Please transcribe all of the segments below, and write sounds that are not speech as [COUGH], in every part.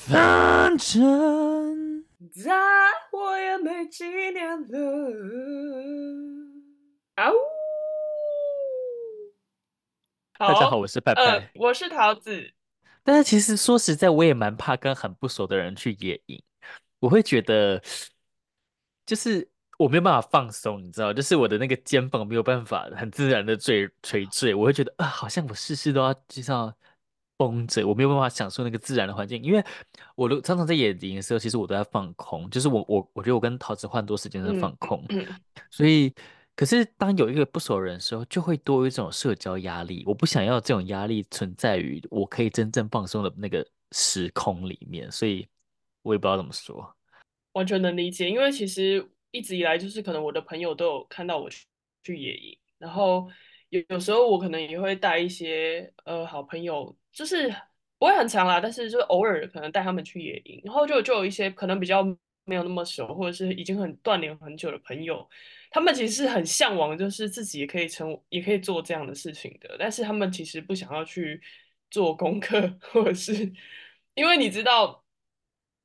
反正再我也沒幾年了。啊嗚！好大家好，我是派派、呃，我是桃子。但是其實說實在，我也蠻怕跟很不熟的人去野營，我會覺得就是我沒有辦法放鬆，你知道，就是我的那個肩膀沒有辦法很自然的墜垂墜，我會覺得啊、呃，好像我事事都要介紹。繃着，我沒有辦法享受那個自然的環境，因為我都常常在野營的時候，其實我都在放空，就是我我我覺得我跟桃子換多時間在放空，嗯嗯、所以，可是當有一個不熟的人的時候，就會多一種社交壓力，我不想要這種壓力存在於我可以真正放鬆的那個時空裡面，所以我也不知道怎麼說，完全能理解，因為其實一直以來就是可能我的朋友都有看到我去去野營，然後。有有時候我可能也會帶一些呃好朋友，就是不會很常啦，但是就是偶爾可能帶他們去野營，然後就就有一些可能比較沒有那麼熟，或者是已經很鍛鍊很久的朋友，他們其實是很向往，就是自己也可以成也可以做這樣的事情的，但是他們其實不想要去做功課，或者是因為你知道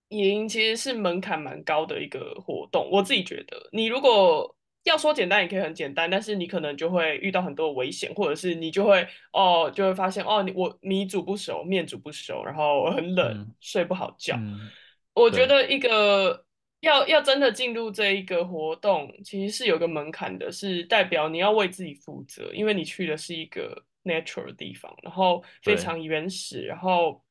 野營其實是門檻蠻高的一個活動，我自己覺得你如果。要說簡單，也可以很簡單，但是你可能就會遇到很多危險，或者是你就會哦，就會發現哦，你我你煮不熟，麵煮不熟，然後很冷，嗯、睡不好覺。嗯、我覺得一個對要要真的進入這一個活動，其實是有一個門檻的，是代表你要為自己負責，因為你去的是一個 natural 的地方，然後非常原始，對然後。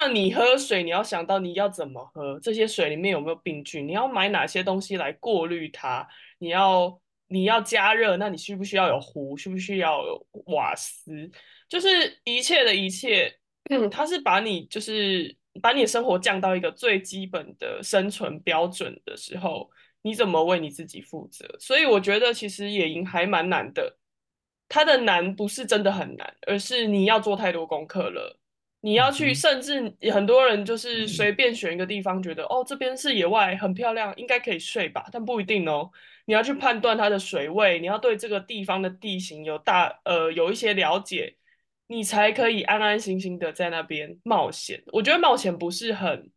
那你喝水，你要想到你要怎麼喝，這些水裡面有沒有病菌？你要買哪些東西來過濾它？你要你要加熱，那你需不需要有壺？需不需要有瓦斯？就是一切的一切，嗯，它是把你就是把你的生活降到一個最基本的生存標準的時候，你怎麼為你自己負責？所以我覺得其實野營還蠻難的，它的難不是真的很難，而是你要做太多功課了。你要去，甚至很多人就是隨便選一個地方，覺得、嗯、哦，這邊是野外，很漂亮，應該可以睡吧，但不一定哦。你要去判斷它的水位，你要對這個地方的地形有大呃有一些了解，你才可以安安心心的在那邊冒險。我覺得冒險不是很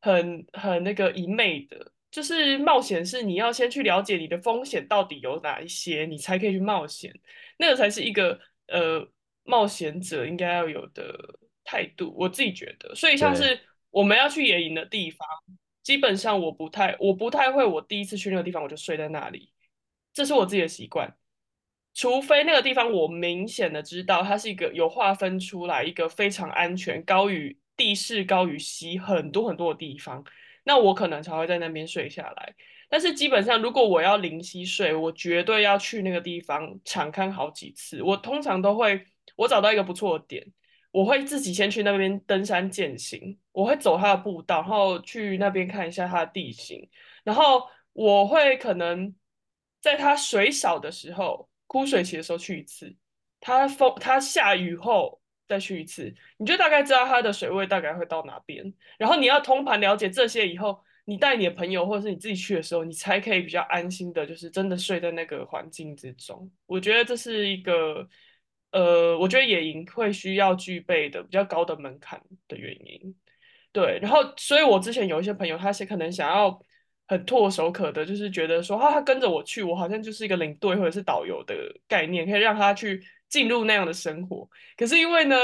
很很那個一昧的，就是冒險是你要先去了解你的風險到底有哪一些，你才可以去冒險，那個才是一個呃冒險者應該要有的態度，我自己覺得，所以像是我們要去野營的地方，對基本上我不太我不太會，我第一次去那個地方我就睡在那裡，這是我自己的習慣。除非那個地方我明顯的知道它是一個有劃分出來一個非常安全、高於地勢、高於溪很多很多的地方，那我可能才會在那邊睡下來。但是基本上，如果我要臨溪睡，我絕對要去那個地方敞開好幾次。我通常都會我找到一個不錯的點。我會自己先去那邊登山健行，我會走他的步道，然後去那邊看一下他的地形，然後我會可能在他水少的時候，枯水期的時候去一次，他風他下雨後再去一次，你就大概知道它的水位大概會到哪邊，然後你要通盤了解這些以後，你帶你的朋友或者是你自己去的時候，你才可以比較安心的，就是真的睡在那個環境之中。我覺得這是一個。呃，我覺得野營會需要具備的比較高的門檻的原因，對，然後，所以我之前有一些朋友，他是可能想要很唾手可得，就是覺得說，啊，他跟着我去，我好像就是一個領隊或者是導遊的概念，可以讓他去進入那樣的生活。可是因為呢，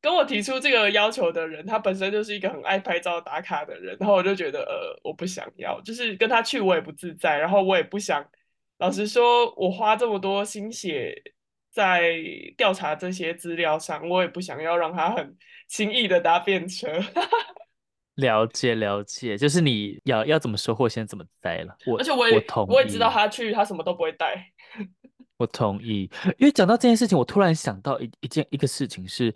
跟我提出這個要求的人，他本身就是一個很愛拍照打卡的人，然後我就覺得，呃，我不想要，就是跟他去我也不自在，然後我也不想，老實說，我花這麼多心血。在調查這些資料上，我也不想要讓他很輕易的搭便車。 [LAUGHS] 了解了解，就是你要要怎麼收穫，先怎麼栽了。我而且我也我，我也知道他去他什麼都不會帶。 [LAUGHS] 我同意，因為講到這件事情，我突然想到一一件一個事情是，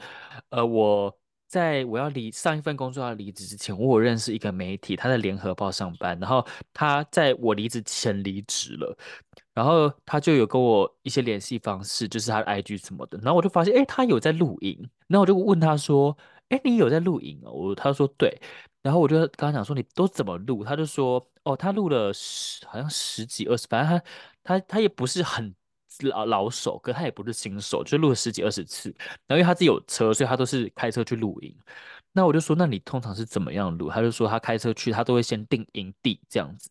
呃，我在我要離上一份工作要離職之前，我有認識一個媒體，他在聯合報上班，然後他在我離職前離職了。然後他就有跟我一些聯繫方式，就是他的 IG 什麼的。然後我就發現，哎、欸，他有在露營。然後我就問他說，哎、欸，你有在露營哦？我他說對。然後我就跟他講說，你都怎麼露？他就說，哦，他露了十，好像十幾二十，反正他他他，他也不是很老老手，可他也不是新手，就露了十幾二十次。然後因為他自己有車，所以他都是開車去露營。那我就說，那你通常是怎麼樣露？他就說他開車去，他都會先訂營地這樣子。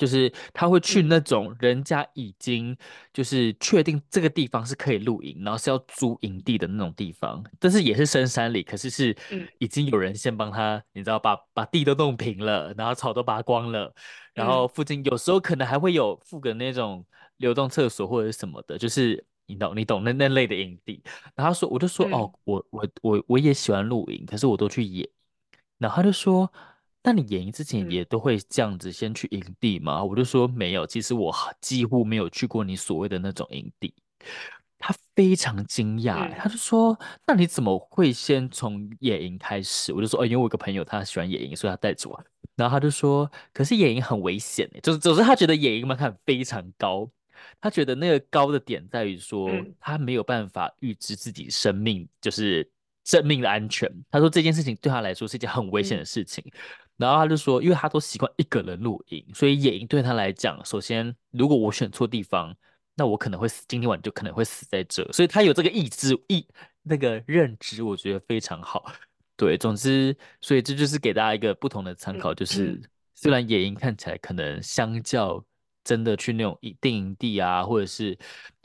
就是他會去那種人家已經就是確定這個地方是可以露營，嗯、然後是要租營地的那種地方，但是也是深山裡，可是是已經有人先幫他，你知道把把地都弄平了，然後草都拔光了，然後附近有時候可能還會有附個那種流動廁所或者什麼的，就是 you know, 你懂你懂那那類的營地。然後說我就說、嗯、哦，我我我我也喜歡露營，可是我都去野。然後他就說。那你野營之前也都會這樣子先去營地嗎？Mm hmm. 我就說沒有，其實我幾乎沒有去過你所謂的那種營地。他非常驚訝，他就說：“那你怎麼會先從野營開始？”我就說：“哎、哦，因為我一個朋友他喜歡野營，所以他帶着我。”然後他就說：“可是野營很危險，就是，就是他覺得野營門檻非常高，他覺得那個高的點在於說、mm hmm. 他沒有辦法預知自己生命就是。”生命的安全，他說這件事情對他來說是一件很危險的事情，嗯、然後他就說，因為他都習慣一個人露營，所以野營對他來講，首先如果我選錯地方，那我可能會死，今天晚上就可能會死在這，所以他有這個意志、意那個認知，我覺得非常好。對，總之，所以這就是給大家一個不同的參考，就是雖然野營看起來可能相較真的去那種一定營地啊，或者是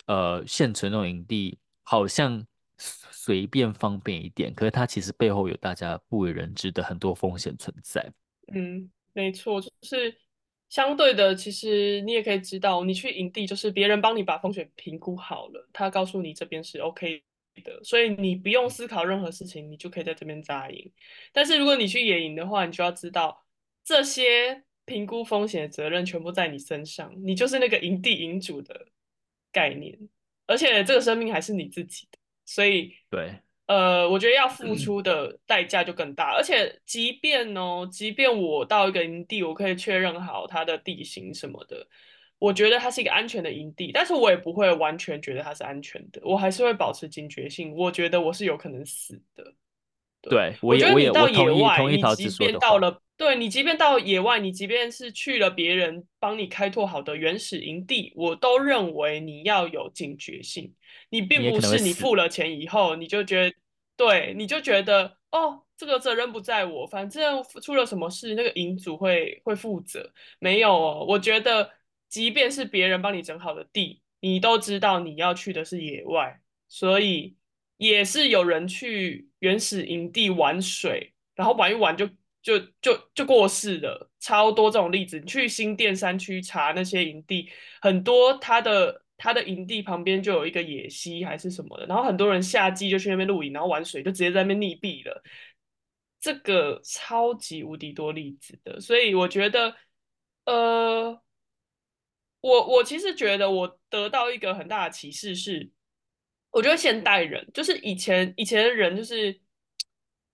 呃現存那種營地，好像。隨便方便一點，可是它其實背後有大家不為人知的很多風險存在。嗯，沒錯，就是相對的，其實你也可以知道，你去營地就是別人幫你把風險評估好了，他告訴你這邊是 OK 的，所以你不用思考任何事情，你就可以在這邊紮營。但是如果你去野營的話，你就要知道這些評估風險的責任全部在你身上，你就是那個營地營主的概念，而且這個生命還是你自己的。所以，對，呃，我覺得要付出的代價就更大。嗯、而且，即便哦，即便我到一個營地，我可以確認好它的地形什麼的，我覺得它是一個安全的營地，但是我也不會完全覺得它是安全的，我還是會保持警覺性。我覺得我是有可能死的。對，對我也，我覺得你到野外，我同意，同意陶子說的。對，你即便到野外，你即便是去了別人幫你開拓好的原始營地，我都認為你要有警覺性。你並不是你付了錢以後，你，你就覺得對，你就覺得哦，這個責任不在我，反正出了什麼事那個營主會會負責。沒有哦，我覺得即便是別人幫你整好的地，你都知道你要去的是野外，所以也是有人去原始營地玩水，然後玩一玩就。就就就過世了，超多這種例子。你去新店山區查那些營地，很多他的他的營地旁邊就有一個野溪還是什麼的，然後很多人夏季就去那邊露營，然後玩水就直接在那邊溺斃了。這個超級無敵多例子的，所以我覺得，呃，我我其實覺得我得到一個很大的啟示是，我覺得現代人就是以前以前的人就是。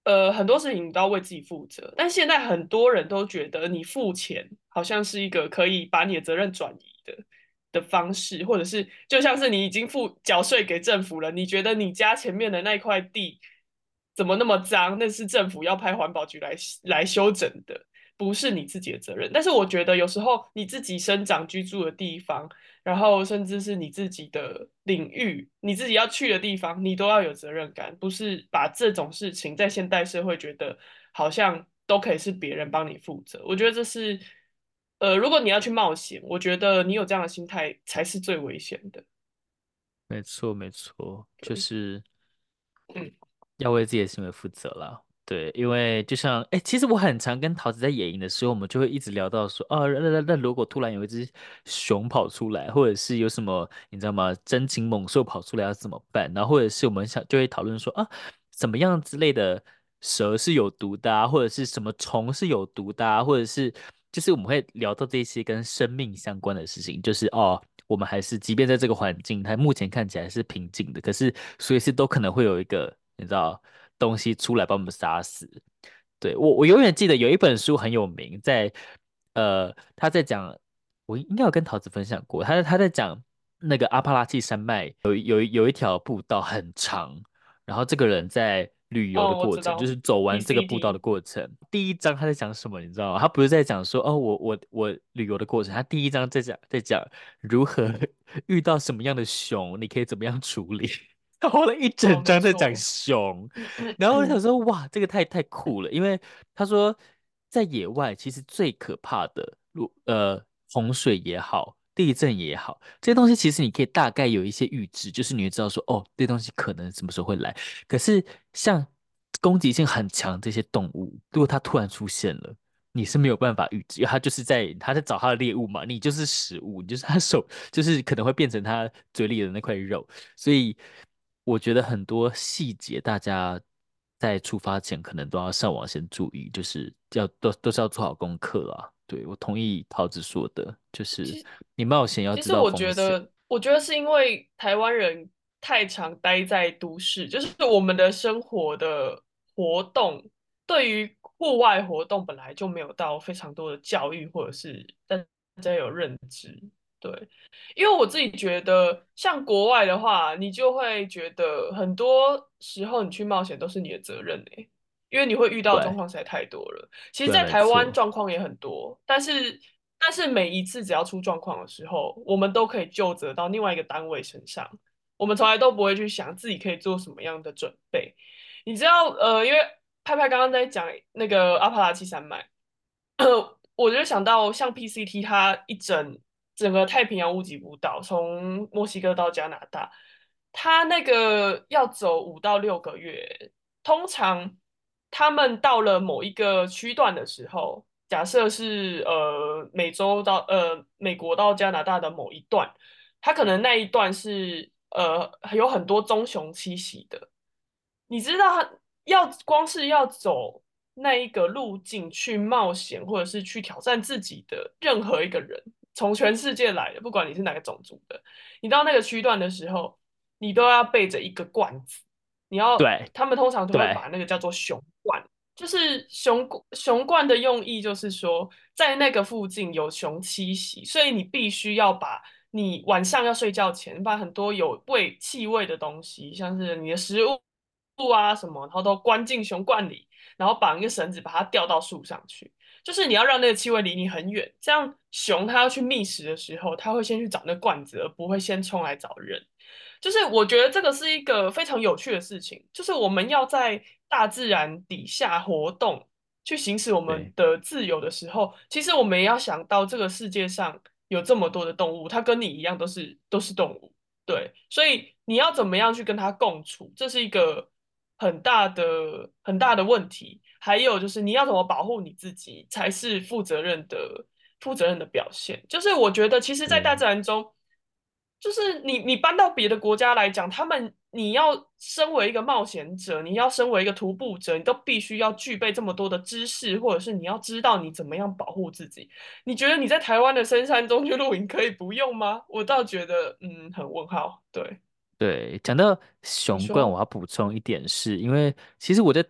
呃，很多事情你都要為自己負責，但現在很多人都覺得你付錢好像是一個可以把你的責任轉移的的方式，或者是就像是你已經付繳稅給政府了，你覺得你家前面的那一塊地怎麼那麼髒？那是政府要派環保局來來修整的，不是你自己的責任。但是我覺得有時候你自己生長居住的地方。然後，甚至是你自己的領域，你自己要去的地方，你都要有責任感，不是把這種事情在現代社會覺得好像都可以是別人幫你負責。我覺得這是，呃，如果你要去冒險，我覺得你有這樣的心態才是最危險的。沒錯，沒錯，對就是，嗯，要為自己的行為負責啦。對，因為就像哎、欸，其實我很常跟桃子在野營的時候，我們就會一直聊到說，哦、啊，那那那如果突然有一隻熊跑出來，或者是有什麼你知道嗎？珍禽猛獸跑出來要怎麼辦？然後或者是我們想就會討論說啊，怎麼樣之類的蛇是有毒的、啊，或者是什麼蟲是有毒的、啊，或者是就是我們會聊到這些跟生命相關的事情，就是哦，我們還是即便在這個環境它目前看起來是平靜的，可是隨時都可能會有一個你知道。東西出來把我們殺死，對，我我永遠記得有一本書很有名在，呃在呃他在講，我應該有跟桃子分享過，他他在講那個阿帕拉契山脈有有有一條步道很長，然後這個人在旅遊的過程、哦、就是走完這個步道的過程，CD 第一章他在講什麼，你知道嗎？他不是在講說哦，我我我旅遊的過程，他第一章在講在講如何遇到什麼樣的熊，你可以怎麼樣處理。他畫了一整張在講熊哦、 [LAUGHS] 然後我想說，哇，這個太太酷了。因為他說，在野外其實最可怕的，如呃洪水也好，地震也好，這些東西其實你可以大概有一些預知，就是你會知道說，哦，這東西可能什麼時候會來。可是像攻擊性很強這些動物，如果它突然出現了，你是沒有辦法預知，因為它就是在它在找它的獵物嘛，你就是食物，你就是它手，就是可能會變成它嘴裡的那塊肉，所以。我覺得很多細節，大家在出發前可能都要上網先注意，就是要都都是要做好功課啦。對，我同意桃子說的，就是你冒險要知道。其實我覺得，我覺得是因為台灣人太常待在都市，就是我們的生活的活動，對於戶外活動本來就沒有到非常多的教育，或者是大家有認知。對，因為我自己覺得，像國外的話，你就會覺得很多時候你去冒險都是你的責任，欸、因為你會遇到的狀況實在太多了。對其實，在台灣狀況也很多，對但是但是每一次只要出狀況的時候，我們都可以就責到另外一個單位身上，我們從來都不會去想自己可以做什麼樣的準備。你知道，呃，因為派派剛剛在講那個阿帕拉契山脈，我就想到像 PCT 它一整。整個太平洋屋脊步道，從墨西哥到加拿大，他那個要走五到六個月。通常他們到了某一個區段的時候，假設是呃美洲到呃美國到加拿大的某一段，他可能那一段是呃有很多棕熊棲息的。你知道，他要光是要走那一個路徑去冒險，或者是去挑戰自己的任何一個人。從全世界來的，不管你是哪個種族的，你到那個區段的時候，你都要背着一個罐子。你要，對他們通常都會把那個叫做熊罐，對就是熊熊罐的用意就是說，在那個附近有熊棲息，所以你必須要把你晚上要睡覺前，把很多有味氣味的東西，像是你的食物啊什麼，然後都關進熊罐裡，然後綁一個繩子把它吊到樹上去。就是你要讓那個氣味離你很遠，這樣熊，它要去覓食的時候，它會先去找那罐子，而不會先衝來找人。就是我覺得這個是一個非常有趣的事情。就是我們要在大自然底下活動，去行使我們的自由的時候，嗯，其實我們也要想到這個世界上有這麼多的動物，它跟你一樣都是都是動物，對。所以你要怎麼樣去跟它共處，這是一個很大的很大的問題。還有就是，你要怎麼保護你自己才是負責任的、負責任的表現。就是我覺得，其實，在大自然中，就是你你搬到別的國家來講，他們你要身為一個冒險者，你要身為一個徒步者，你都必須要具備這麼多的知識，或者是你要知道你怎麼樣保護自己。你覺得你在台灣的深山中去露營可以不用嗎？我倒覺得，嗯，很問號。對對，講到熊冠，我要補充一點，是因為其實我在。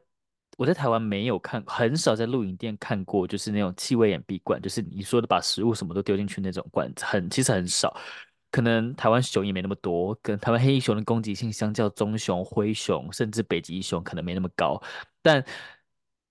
我在台灣沒有看，很少在露營店看過，就是那種氣味掩蔽罐，就是你說的把食物什麼都丟進去那種罐子，很其實很少。可能台灣熊也沒那麼多，跟台灣黑熊的攻擊性相較，棕熊、灰熊甚至北極熊可能沒那麼高。但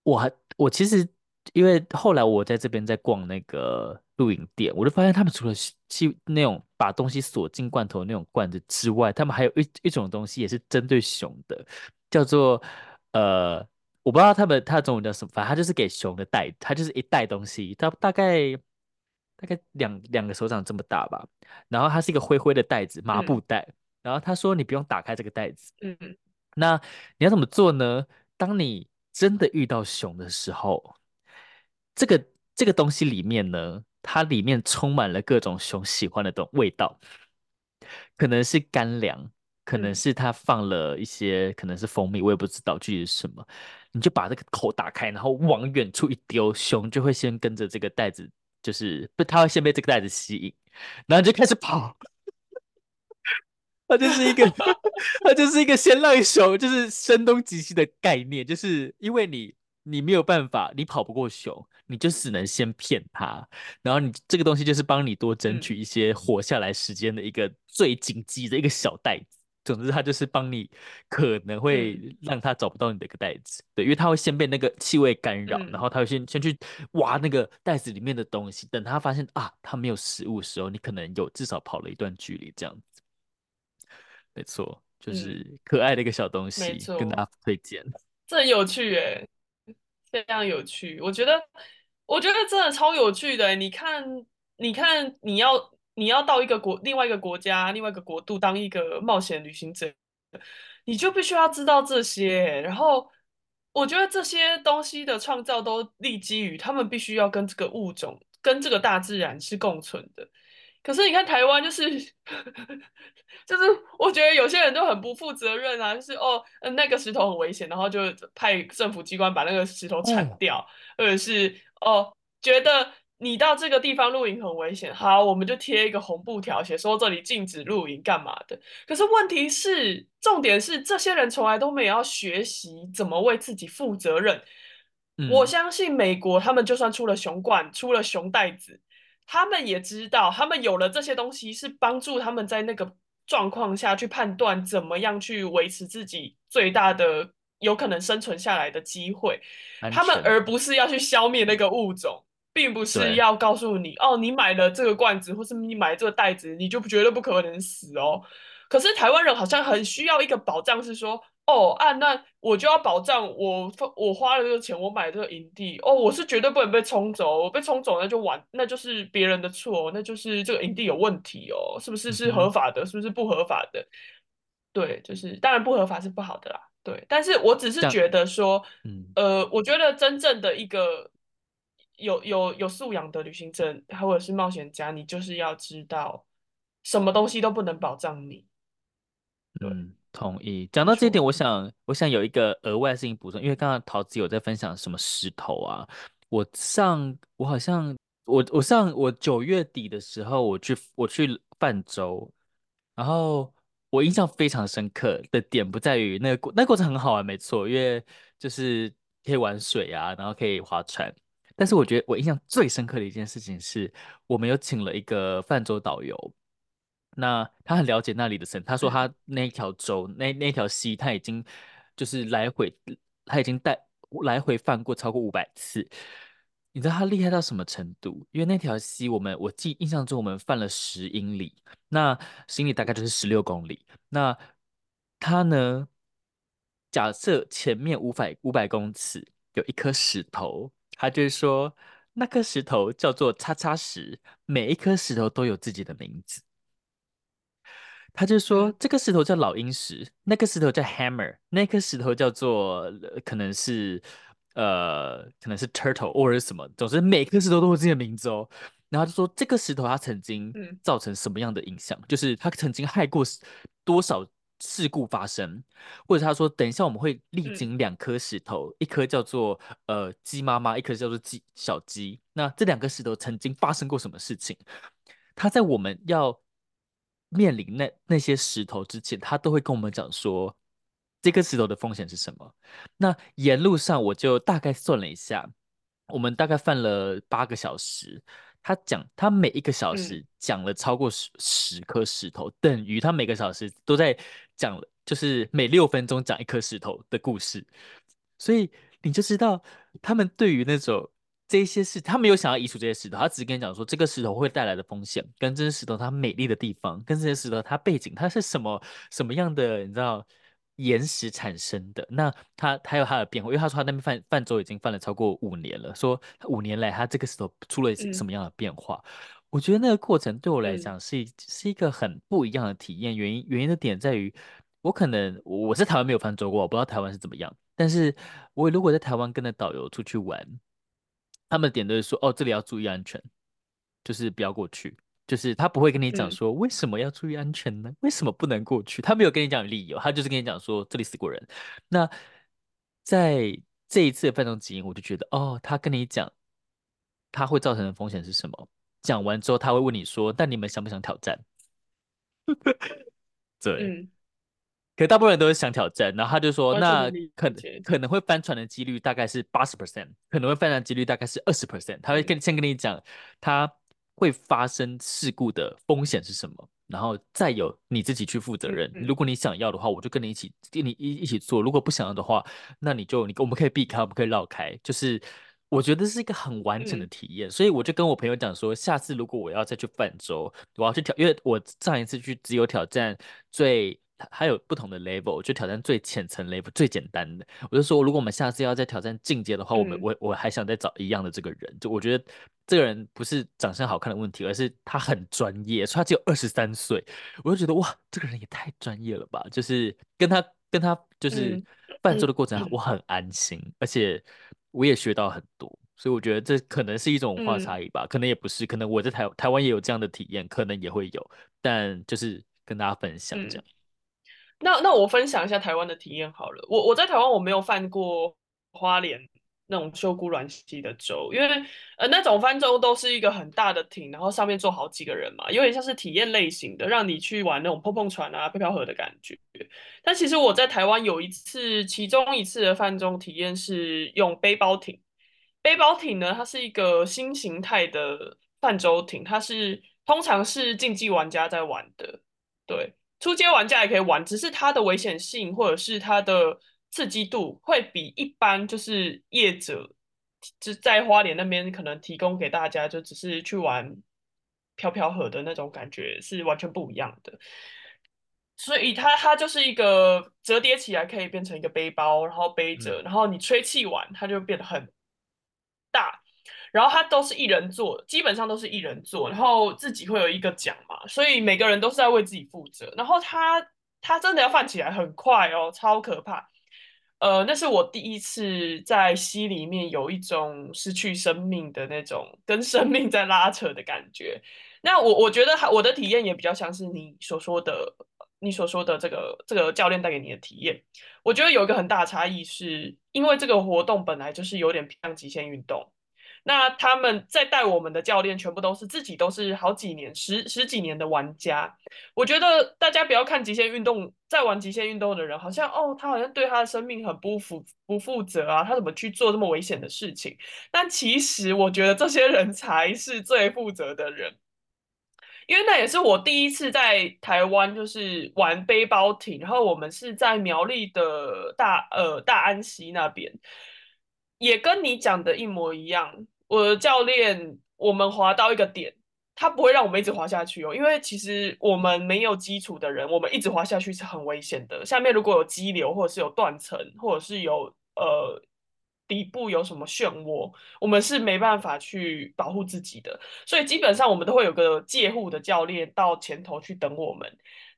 我我其實因為後來我在這邊在逛那個露營店，我就發現他們除了去那種把東西鎖進罐頭那種罐子之外，他們還有一一種東西也是針對熊的，叫做呃。我不知道他們他中文叫什麼，反正他就是給熊的袋，他就是一袋東西，大大概大概兩兩個手掌這麼大吧。然後它是一個灰灰的袋子，麻布袋。嗯、然後他說你不用打開這個袋子，嗯、那你要怎麼做呢？當你真的遇到熊的時候，這個這個東西裡面呢，它裡面充滿了各種熊喜歡的東味道，可能是乾糧。可能是他放了一些，可能是蜂蜜，我也不知道具體是什麼。你就把這個口打開，然後往遠處一丟，熊就會先跟着這個袋子，就是不，他會先被這個袋子吸引，然後就開始跑。 [LAUGHS] 他就是一個， [LAUGHS] [LAUGHS] 他就是一個先讓熊就是聲東擊西的概念，就是因為你你沒有辦法，你跑不過熊，你就只能先騙他，然後你這個東西就是幫你多爭取一些活下來時間的一個最緊急的一個小袋子。總之，他就是幫你，可能會讓他找不到你的一個袋子，嗯、對，因為他會先被那個氣味干擾，嗯、然後他會先先去挖那個袋子裡面的東西。等他發現啊，他沒有食物的時候，你可能有至少跑了一段距離，這樣子。沒錯，就是可愛的一個小東西，嗯、跟大家推薦。這很有趣耶，非常有趣。我覺得，我覺得真的超有趣的。你看，你看，你要。你要到一個國、另外一個國家、另外一個國度當一個冒險旅行者，你就必須要知道這些。然後，我覺得這些東西的創造都立基於他們必須要跟這個物種、跟這個大自然是共存的。可是你看台灣，就是，就是就是，我覺得有些人都很不負責任啊，就是哦，那個石頭很危險，然後就派政府機關把那個石頭鏟掉，嗯，或者是哦，覺得。你到這個地方露營很危險，好，我們就貼一個紅布條，寫說這裡禁止露營，幹嘛的？可是問題是，重點是這些人從來都沒有學習怎麼為自己負責任。嗯、我相信美國他們就算出了熊罐、出了熊袋子，他們也知道，他們有了這些東西是幫助他們在那個狀況下去判斷怎麼樣去維持自己最大的有可能生存下來的機會，全他們而不是要去消滅那個物種。並不是要告訴你對哦，你買了這個罐子，或是你買這個袋子，你就不絕對不可能死哦。可是台灣人好像很需要一個保障，是說哦，啊，那我就要保障我我，花了這個錢，我買這個營地哦，我是絕對不能被沖走，我被沖走那就完，那就是別人的錯，那就是這個營地有問題哦，是不是？是合法的，嗯、哼是不是不合法的？對，就是當然不合法是不好的啦。對。但是我只是覺得說，嗯，呃，我覺得真正的一個。有有有素養的旅行者，或者是冒險家，你就是要知道，什麼東西都不能保障你。嗯，同意。講到這一點，沒錯。我想我想有一個額外的事情補充，因為剛剛桃子有在分享什麼石頭啊。我上我好像我我上我九月底的時候，我去我去泛舟，然後我印象非常深刻的點不在於那個那過程很好玩，沒錯，因為就是可以玩水啊，然後可以划船。但是我覺得我印象最深刻的一件事情是，我們有請了一個泛舟導遊，那他很了解那裡的神，他說他那條舟那那條溪他已經就是來回他已經帶來回泛過超過五百次。你知道他厲害到什麼程度？因為那條溪我們我記印象中我們泛了十英里，那十英里大概就是十六公里。那他呢？假設前面五百五百公尺有一顆石頭。他就說，那顆石頭叫做叉叉石，每一顆石頭都有自己的名字。他就說，這個石頭叫老鷹石，那顆石頭叫 hammer，那顆石頭叫做可能是呃，可能是 turtle 或者什麼，總之每顆石頭都有自己的名字哦。然後他就說，這個石頭它曾經造成什麼樣的影響，就是它曾經害過多少。事故發生，或者他說等一下我們會歷經兩顆石頭，一顆叫做呃雞媽媽，一顆叫做雞小雞。那這兩個石頭曾經發生過什麼事情？他在我們要面臨那那些石頭之前，他都會跟我們講說這顆石頭的風險是什麼。那沿路上我就大概算了一下，我們大概犯了八個小時。他講他每一個小時講了超過十十顆石頭，嗯、等於他每個小時都在。講了，就是每六分鐘講一顆石頭的故事，所以你就知道他們對於那種這些事，他沒有想要移除這些石頭，他只是跟你講說這個石頭會帶來的風險，跟這些石頭它美麗的地方，跟這些石頭它背景，它是什麼什麼樣的你知道岩石產生的。那他他有它的變化，因為他說他那邊泛泛舟已經泛了超過五年了，說五年來他這個石頭出了什麼樣的變化。嗯我覺得那個過程對我來講是、嗯、是一個很不一樣的體驗。原因原因的點在於，我可能我在台灣沒有泛舟過，我不知道台灣是怎麼樣。但是我如果在台灣跟着導遊出去玩，他們的點都是說哦，這裡要注意安全，就是不要過去。就是他不會跟你講說、嗯、為什麼要注意安全呢？為什麼不能過去？他沒有跟你講理由，他就是跟你講說這裡死過人。那在這一次的泛舟之行，我就覺得哦，他跟你講他會造成的風險是什麼？講完之後，他會問你說：“但你們想不想挑戰？” [LAUGHS] 對，嗯、可大部分人都是想挑戰。然後他就說：“那可能可能會翻船的幾率大概是八十 percent，可能會翻船的幾率大概是二十 percent。”他會跟、嗯、先跟你講，他會發生事故的風險是什麼，然後再有你自己去負責任。如果你想要的話，我就跟你一起跟你一一起做；如果不想要的話，那你就你我們可以避開，我們可以繞開，就是。我覺得是一個很完整的體驗，嗯、所以我就跟我朋友講說，下次如果我要再去泛舟，我要去挑，因為我上一次去只有挑戰最還有不同的 level，我去挑戰最淺層 level 最簡單的。我就說，如果我們下次要再挑戰進階的話，我們我我還想再找一樣的這個人。嗯、就我覺得這個人不是長相好看的問題，而是他很專業，所以他只有二十三歲，我就覺得哇，這個人也太專業了吧！就是跟他跟他就是泛舟的過程，我很安心，嗯嗯嗯、而且。我也學到很多，所以我覺得這可能是一種文化差異吧，嗯、可能也不是，可能我在台台灣也有這樣的體驗，可能也會有，但就是跟大家分享這樣、嗯。那那我分享一下台灣的體驗好了，我我在台灣我沒有犯過花蓮。那種秀姑巒溪的舟，因為呃那種泛舟都是一個很大的艇，然後上面坐好幾個人嘛，有點像是體驗類型的，讓你去玩那種碰碰船啊、漂漂河的感覺。但其實我在台灣有一次，其中一次的泛舟體驗是用背包艇。背包艇呢，它是一個新型態的泛舟艇，它是通常是競技玩家在玩的，對，初階玩家也可以玩，只是它的危險性或者是它的。刺激度會比一般就是業者就在花蓮那邊可能提供給大家就只是去玩漂漂河的那種感覺是完全不一樣的，所以它它就是一個折疊起來可以變成一個背包，然後背着，然後你吹氣玩，它就變得很大，然後它都是一人坐，基本上都是一人坐，然後自己會有一個槳嘛，所以每個人都是在為自己負責，然後他他真的要翻起來很快哦，超可怕。呃，那是我第一次在溪裡面有一種失去生命的那種跟生命在拉扯的感覺。那我我覺得我的體驗也比較像是你所說的，你所說的這個這個教練帶給你的體驗。我覺得有一個很大差異，是因為這個活動本來就是有點偏向極限運動。那他們在帶我們的教練，全部都是自己都是好幾年、十十幾年的玩家。我覺得大家不要看極限運動，在玩極限運動的人，好像哦，他好像對他的生命很不負不負責啊，他怎麼去做這麼危險的事情？但其實我覺得這些人才是最負責的人，因為那也是我第一次在台灣就是玩背包艇，然後我們是在苗栗的大、呃、大安溪那邊，也跟你講的一模一樣。我的教練，我們滑到一個點，他不會讓我們一直滑下去哦，因為其實我們沒有基礎的人，我們一直滑下去是很危險的。下面如果有激流，或者是有斷層，或者是有呃底部有什麼漩渦，我們是沒辦法去保護自己的。所以基本上我們都會有個借護的教練到前頭去等我們。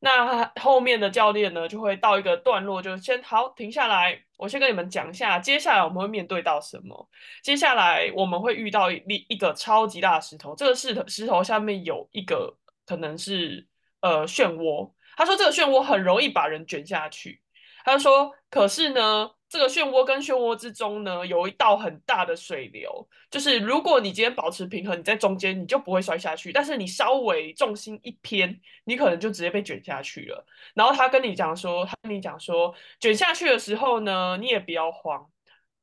那後面的教練呢，就會到一個段落，就先好停下來，我先跟你們講一下，接下來我們會面對到什麼？接下來我們會遇到一一個超級大的石頭，這個石頭石頭下面有一個可能是呃漩渦，他說這個漩渦很容易把人捲下去，他說，可是呢。這個漩渦跟漩渦之中呢，有一道很大的水流，就是如果你今天保持平衡，你在中間，你就不會摔下去。但是你稍微重心一偏，你可能就直接被捲下去了。然後他跟你講說，他跟你講說，捲下去的時候呢，你也不要慌。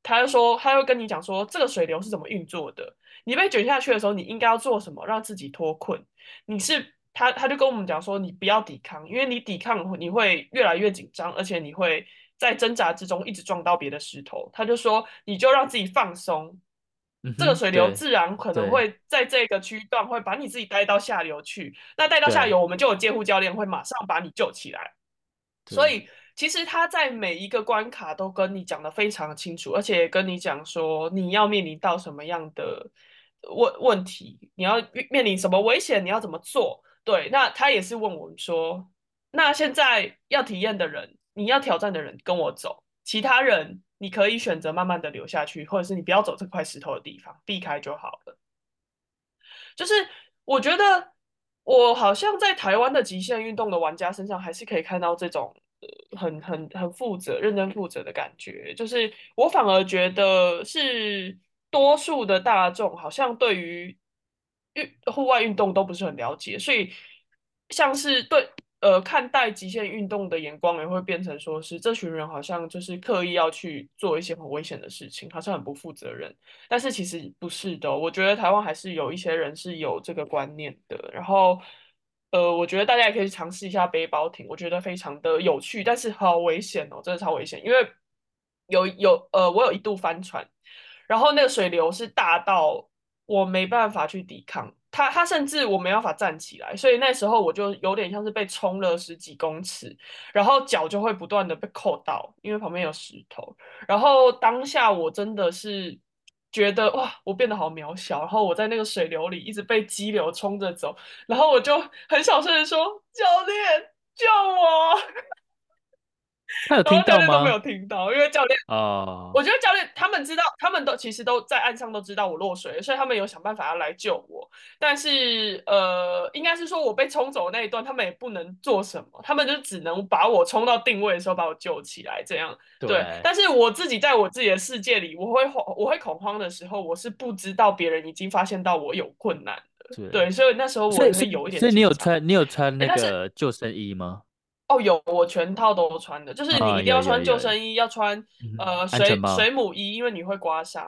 他就說，他會跟你講說，這個水流是怎麼運作的，你被捲下去的時候，你應該要做什麼讓自己脫困？你是他，他就跟我們講說，你不要抵抗，因為你抵抗你會越來越緊張，而且你會。在掙扎之中，一直撞到別的石頭，他就說：“你就讓自己放鬆，嗯、哼這個水流自然可能會在這個區段會把你自己帶到下游去。對那帶到下游，我們就有接護教練會馬上把你救起來。對所以其實他在每一個關卡都跟你講得非常清楚，而且跟你講說你要面臨到什麼樣的問問題，你要面臨什麼危險，你要怎麼做。對，那他也是問我們說，那現在要體驗的人。”你要挑戰的人跟我走，其他人你可以選擇慢慢的留下去，或者是你不要走這塊石頭的地方，避開就好了。就是我覺得我好像在台灣的極限運動的玩家身上，還是可以看到這種很很很負責、認真負責的感覺。就是我反而覺得是多數的大眾好像對於運戶外運動都不是很了解，所以像是對。呃，看待極限運動的眼光也會變成說是這群人好像就是刻意要去做一些很危險的事情，好像很不負責任。但是其實不是的哦，我覺得台灣還是有一些人是有這個觀念的。然後，呃，我覺得大家也可以嘗試一下背包艇，我覺得非常的有趣，但是好危險哦，真的超危險。因為有有呃，我有一度翻船，然後那個水流是大到我沒辦法去抵抗。他他甚至我沒有辦法站起來，所以那時候我就有點像是被沖了十幾公尺，然後腳就會不斷的被扣到，因為旁邊有石頭。然後當下我真的是覺得哇，我變得好渺小。然後我在那個水流裡一直被激流沖着走，然後我就很小聲的說：“教練，救我！”他有聽到嗎？都,都沒有聽到，因為教練，oh. 我覺得教練他們知道，他們都其實都在岸上都知道我落水，所以他們有想辦法要來救我。但是呃，應該是說我被沖走的那一段，他們也不能做什麼，他們就只能把我沖到定位的時候把我救起來這樣。對。對。但是我自己在我自己的世界裡，我會我會恐慌的時候，我是不知道別人已經發現到我有困難的。對,對。所以那時候我也是有一點所。所以你有穿你有穿那個救生衣嗎？欸哦，oh, 有，我全套都穿的，就是你一定要穿救生衣，要穿，哦嗯、呃水水母衣，因為你會刮傷。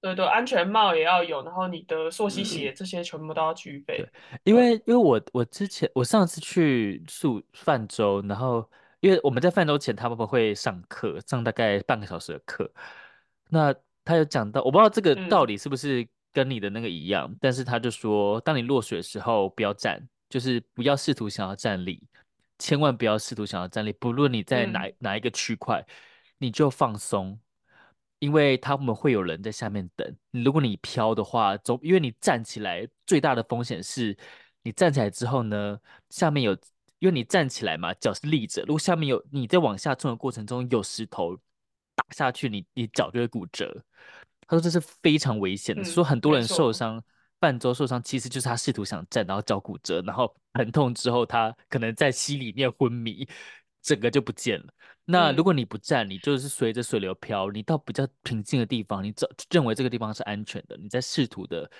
對對，安全帽也要有，然後你的溯溪鞋這些全部都要具備。嗯嗯因為、嗯、因為我我之前我上次去溯泛舟，然後因為我們在泛舟前，他們會上課，上大概半個小時的課。那他有講到，我不知道這個道理是不是跟你的那個一樣，嗯、但是他就說，當你落水的時候，不要站，就是不要試圖想要站立。千萬不要試圖想要站立，不論你在哪、嗯、哪一個區塊，你就放鬆，因為他們會有人在下面等。如果你飄的話，走，因為你站起來最大的風險是，你站起來之後呢，下面有，因為你站起來嘛，腳是立着，如果下面有你在往下衝的過程中有石頭打下去，你你腳就會骨折。他說這是非常危險的，嗯、說很多人受傷。半周受傷其實就是他試圖想站，然後腳骨折，然後疼痛之後，他可能在溪裡面昏迷，整個就不見了。那如果你不站，你就是隨着水流漂，你到比較平靜的地方，你找，認為這個地方是安全的，你在試圖的，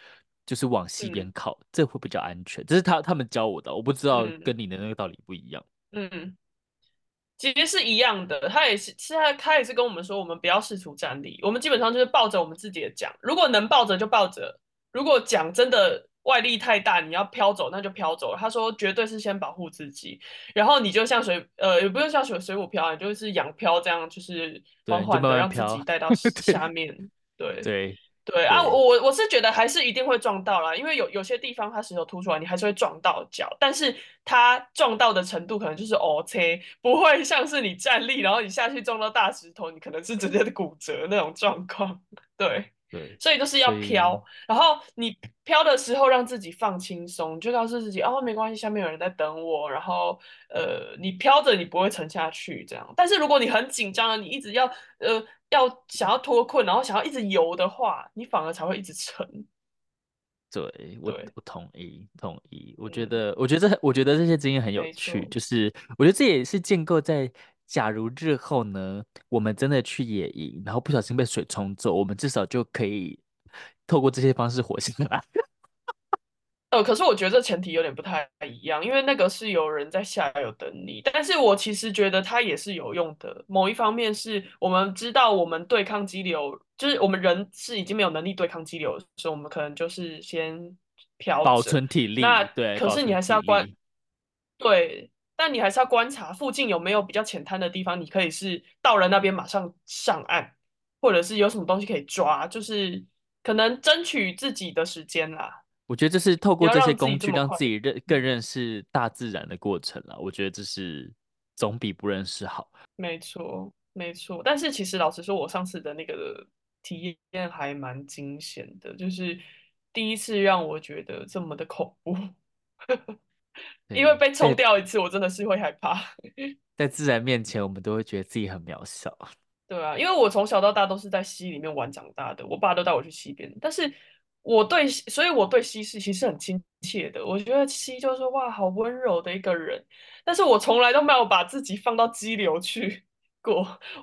就是往西邊靠，嗯、這會比較安全。這是他他們教我的，我不知道跟你的那個道理不一樣。嗯，嗯，其實是一樣的，他也是，是他他也是跟我們說，我們不要試圖站立，我們基本上就是抱着我們自己的槳，如果能抱着就抱着。如果講真的，外力太大，你要飄走，那就飄走，他說，絕對是先保護自己，然後你就像水，呃，也不用像水水母漂啊，你就是仰漂這樣，就是緩緩的讓自己帶到下面。對對對，對啊，我我是覺得還是一定會撞到啦，因為有有些地方它石頭凸出來，你還是會撞到腳，但是它撞到的程度可能就是烏青，不會像是你站立然後你下去撞到大石頭，你可能是直接的骨折那種狀況。對。所以就是要飄，以然後你飄的時候讓自己放輕鬆，就告訴自己哦，沒關係，下面有人在等我。然後呃，你飄着你不會沉下去這樣。但是如果你很緊張，你一直要呃要想要脫困，然後想要一直游的話，你反而才會一直沉。對，我對我同意同意，我覺得、嗯、我覺得這我覺得這些經驗很有趣，就是我覺得這也是建構在。假如日後呢，我們真的去野營，然後不小心被水沖走，我們至少就可以透過這些方式活下來。 [LAUGHS] 呃，可是我覺得這前提有點不太一樣，因為那個是有人在下游等你。但是我其實覺得它也是有用的。某一方面是我們知道我們對抗激流，就是我們人是已經沒有能力對抗激流，所以我們可能就是先飄保存體力。那對，可是你還是要關對。但你還是要觀察附近有沒有比較淺灘的地方，你可以是到了那邊馬上上岸，或者是有什麼東西可以抓，就是可能爭取自己的時間啦。我覺得這是透過這些工具讓自己認更認識大自然的過程啦。我覺得這是總比不認識好。沒錯，沒錯。但是其實老實說，我上次的那個體驗還蠻驚險的，就是第一次讓我覺得這麼的恐怖。 [LAUGHS] 因為被沖掉一次，對我真的是會害怕。在自然面前，我們都會覺得自己很渺小。對啊，因為我從小到大都是在溪裡面玩長大的，我爸都帶我去溪邊。但是我對，所以我對溪是其實是很親切的。我覺得溪就是哇，好溫柔的一個人。但是我從來都沒有把自己放到激流去過，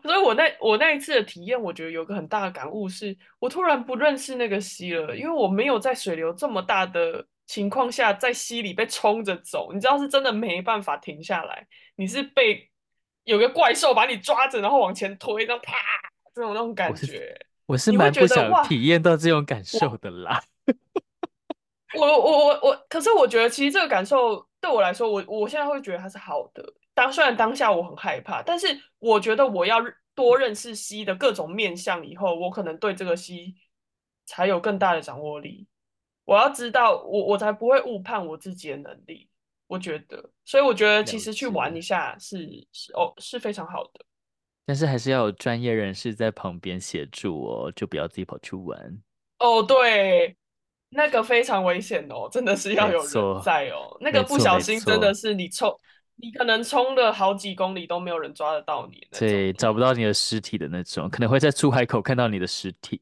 所以我那我那一次的體驗，我覺得有個很大的感悟是，我突然不認識那個溪了，因為我沒有在水流這麼大的。情況下，在溪裡被沖着走，你知道是真的沒辦法停下來。你是被有個怪獸把你抓着，然後往前推，然後啪，這種那種感覺我，我是蠻不想體驗到這種感受的啦。 [LAUGHS] 我我我我，可是我覺得其實這個感受對我來說，我我現在會覺得它是好的。當雖然當下我很害怕，但是我覺得我要多認識溪的各種面向，以後我可能對這個溪才有更大的掌握力。我要知道，我我才不會誤判我自己的能力。我覺得，所以我覺得其實去玩一下是一是，是哦，是非常好的。但是還是要有專業人士在旁邊協助哦，就不要自己跑去玩。哦，對，那個非常危險哦，真的是要有人在哦。沒錯，那個不小心真的是你衝，沒錯，你可能衝了好幾公里都沒有人抓得到你。對，找不到你的屍體的那種，可能會在出海口看到你的屍體。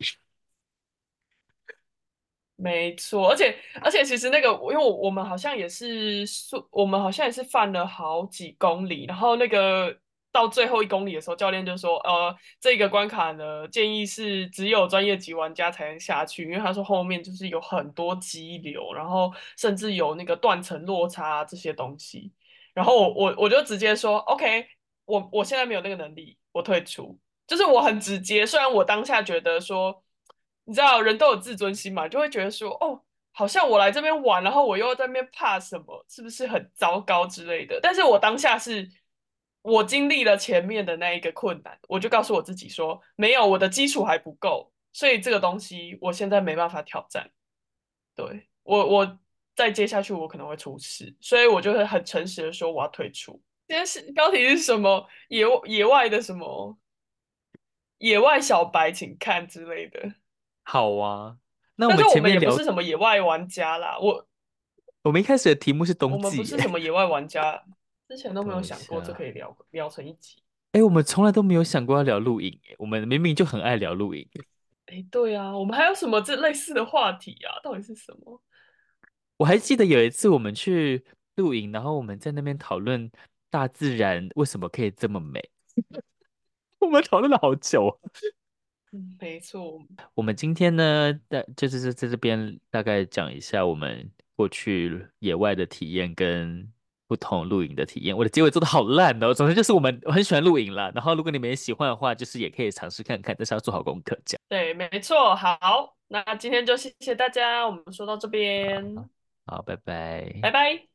沒錯，而且而且其實那個，因為我們好像也是，我們好像也是犯了好幾公里，然後那個到最後一公里的時候，教練就說，呃，這個關卡呢，建議是只有專業級玩家才能下去，因為他說後面就是有很多激流，然後甚至有那個斷層落差、啊、這些東西，然後我我我就直接說，OK，我我現在沒有那個能力，我退出，就是我很直接，雖然我當下覺得說。你知道人都有自尊心嘛，就會覺得說，哦，好像我來這邊玩，然後我又在那邊怕什麼，是不是很糟糕之類的？但是我當下是，我經歷了前面的那一個困難，我就告訴我自己說，沒有，我的基礎還不夠，所以這個東西我現在沒辦法挑戰。對，我，我再接下去我可能會出事，所以我就會很誠實的說我要退出。今天是標題是什麼野？野野外的什麼？野外小白請看之類的。好啊，那我們前面也不是什麼野外玩家啦。我我們一開始的題目是冬季，我們不是什麼野外玩家，之前都沒有想過，就可以聊聊成一集。哎、欸，我們從來都沒有想過要聊露營。哎，我們明明就很愛聊露營。哎、欸，對啊，我們還有什麼這類似的話題啊？到底是什麼？我還記得有一次我們去露營，然後我們在那邊討論大自然為什麼可以這麼美， [LAUGHS] 我們討論了好久。嗯，沒錯。我們今天呢，就是在在這邊大概講一下我們過去野外的體驗跟不同露營的體驗。我的結尾做得好爛哦，總之就是我們我很喜歡露營啦。然後如果你們喜歡的話，就是也可以嘗試看看，但是要做好功課講。對，沒錯。好，那今天就謝謝大家，我們說到這邊。好，好，拜拜。拜拜。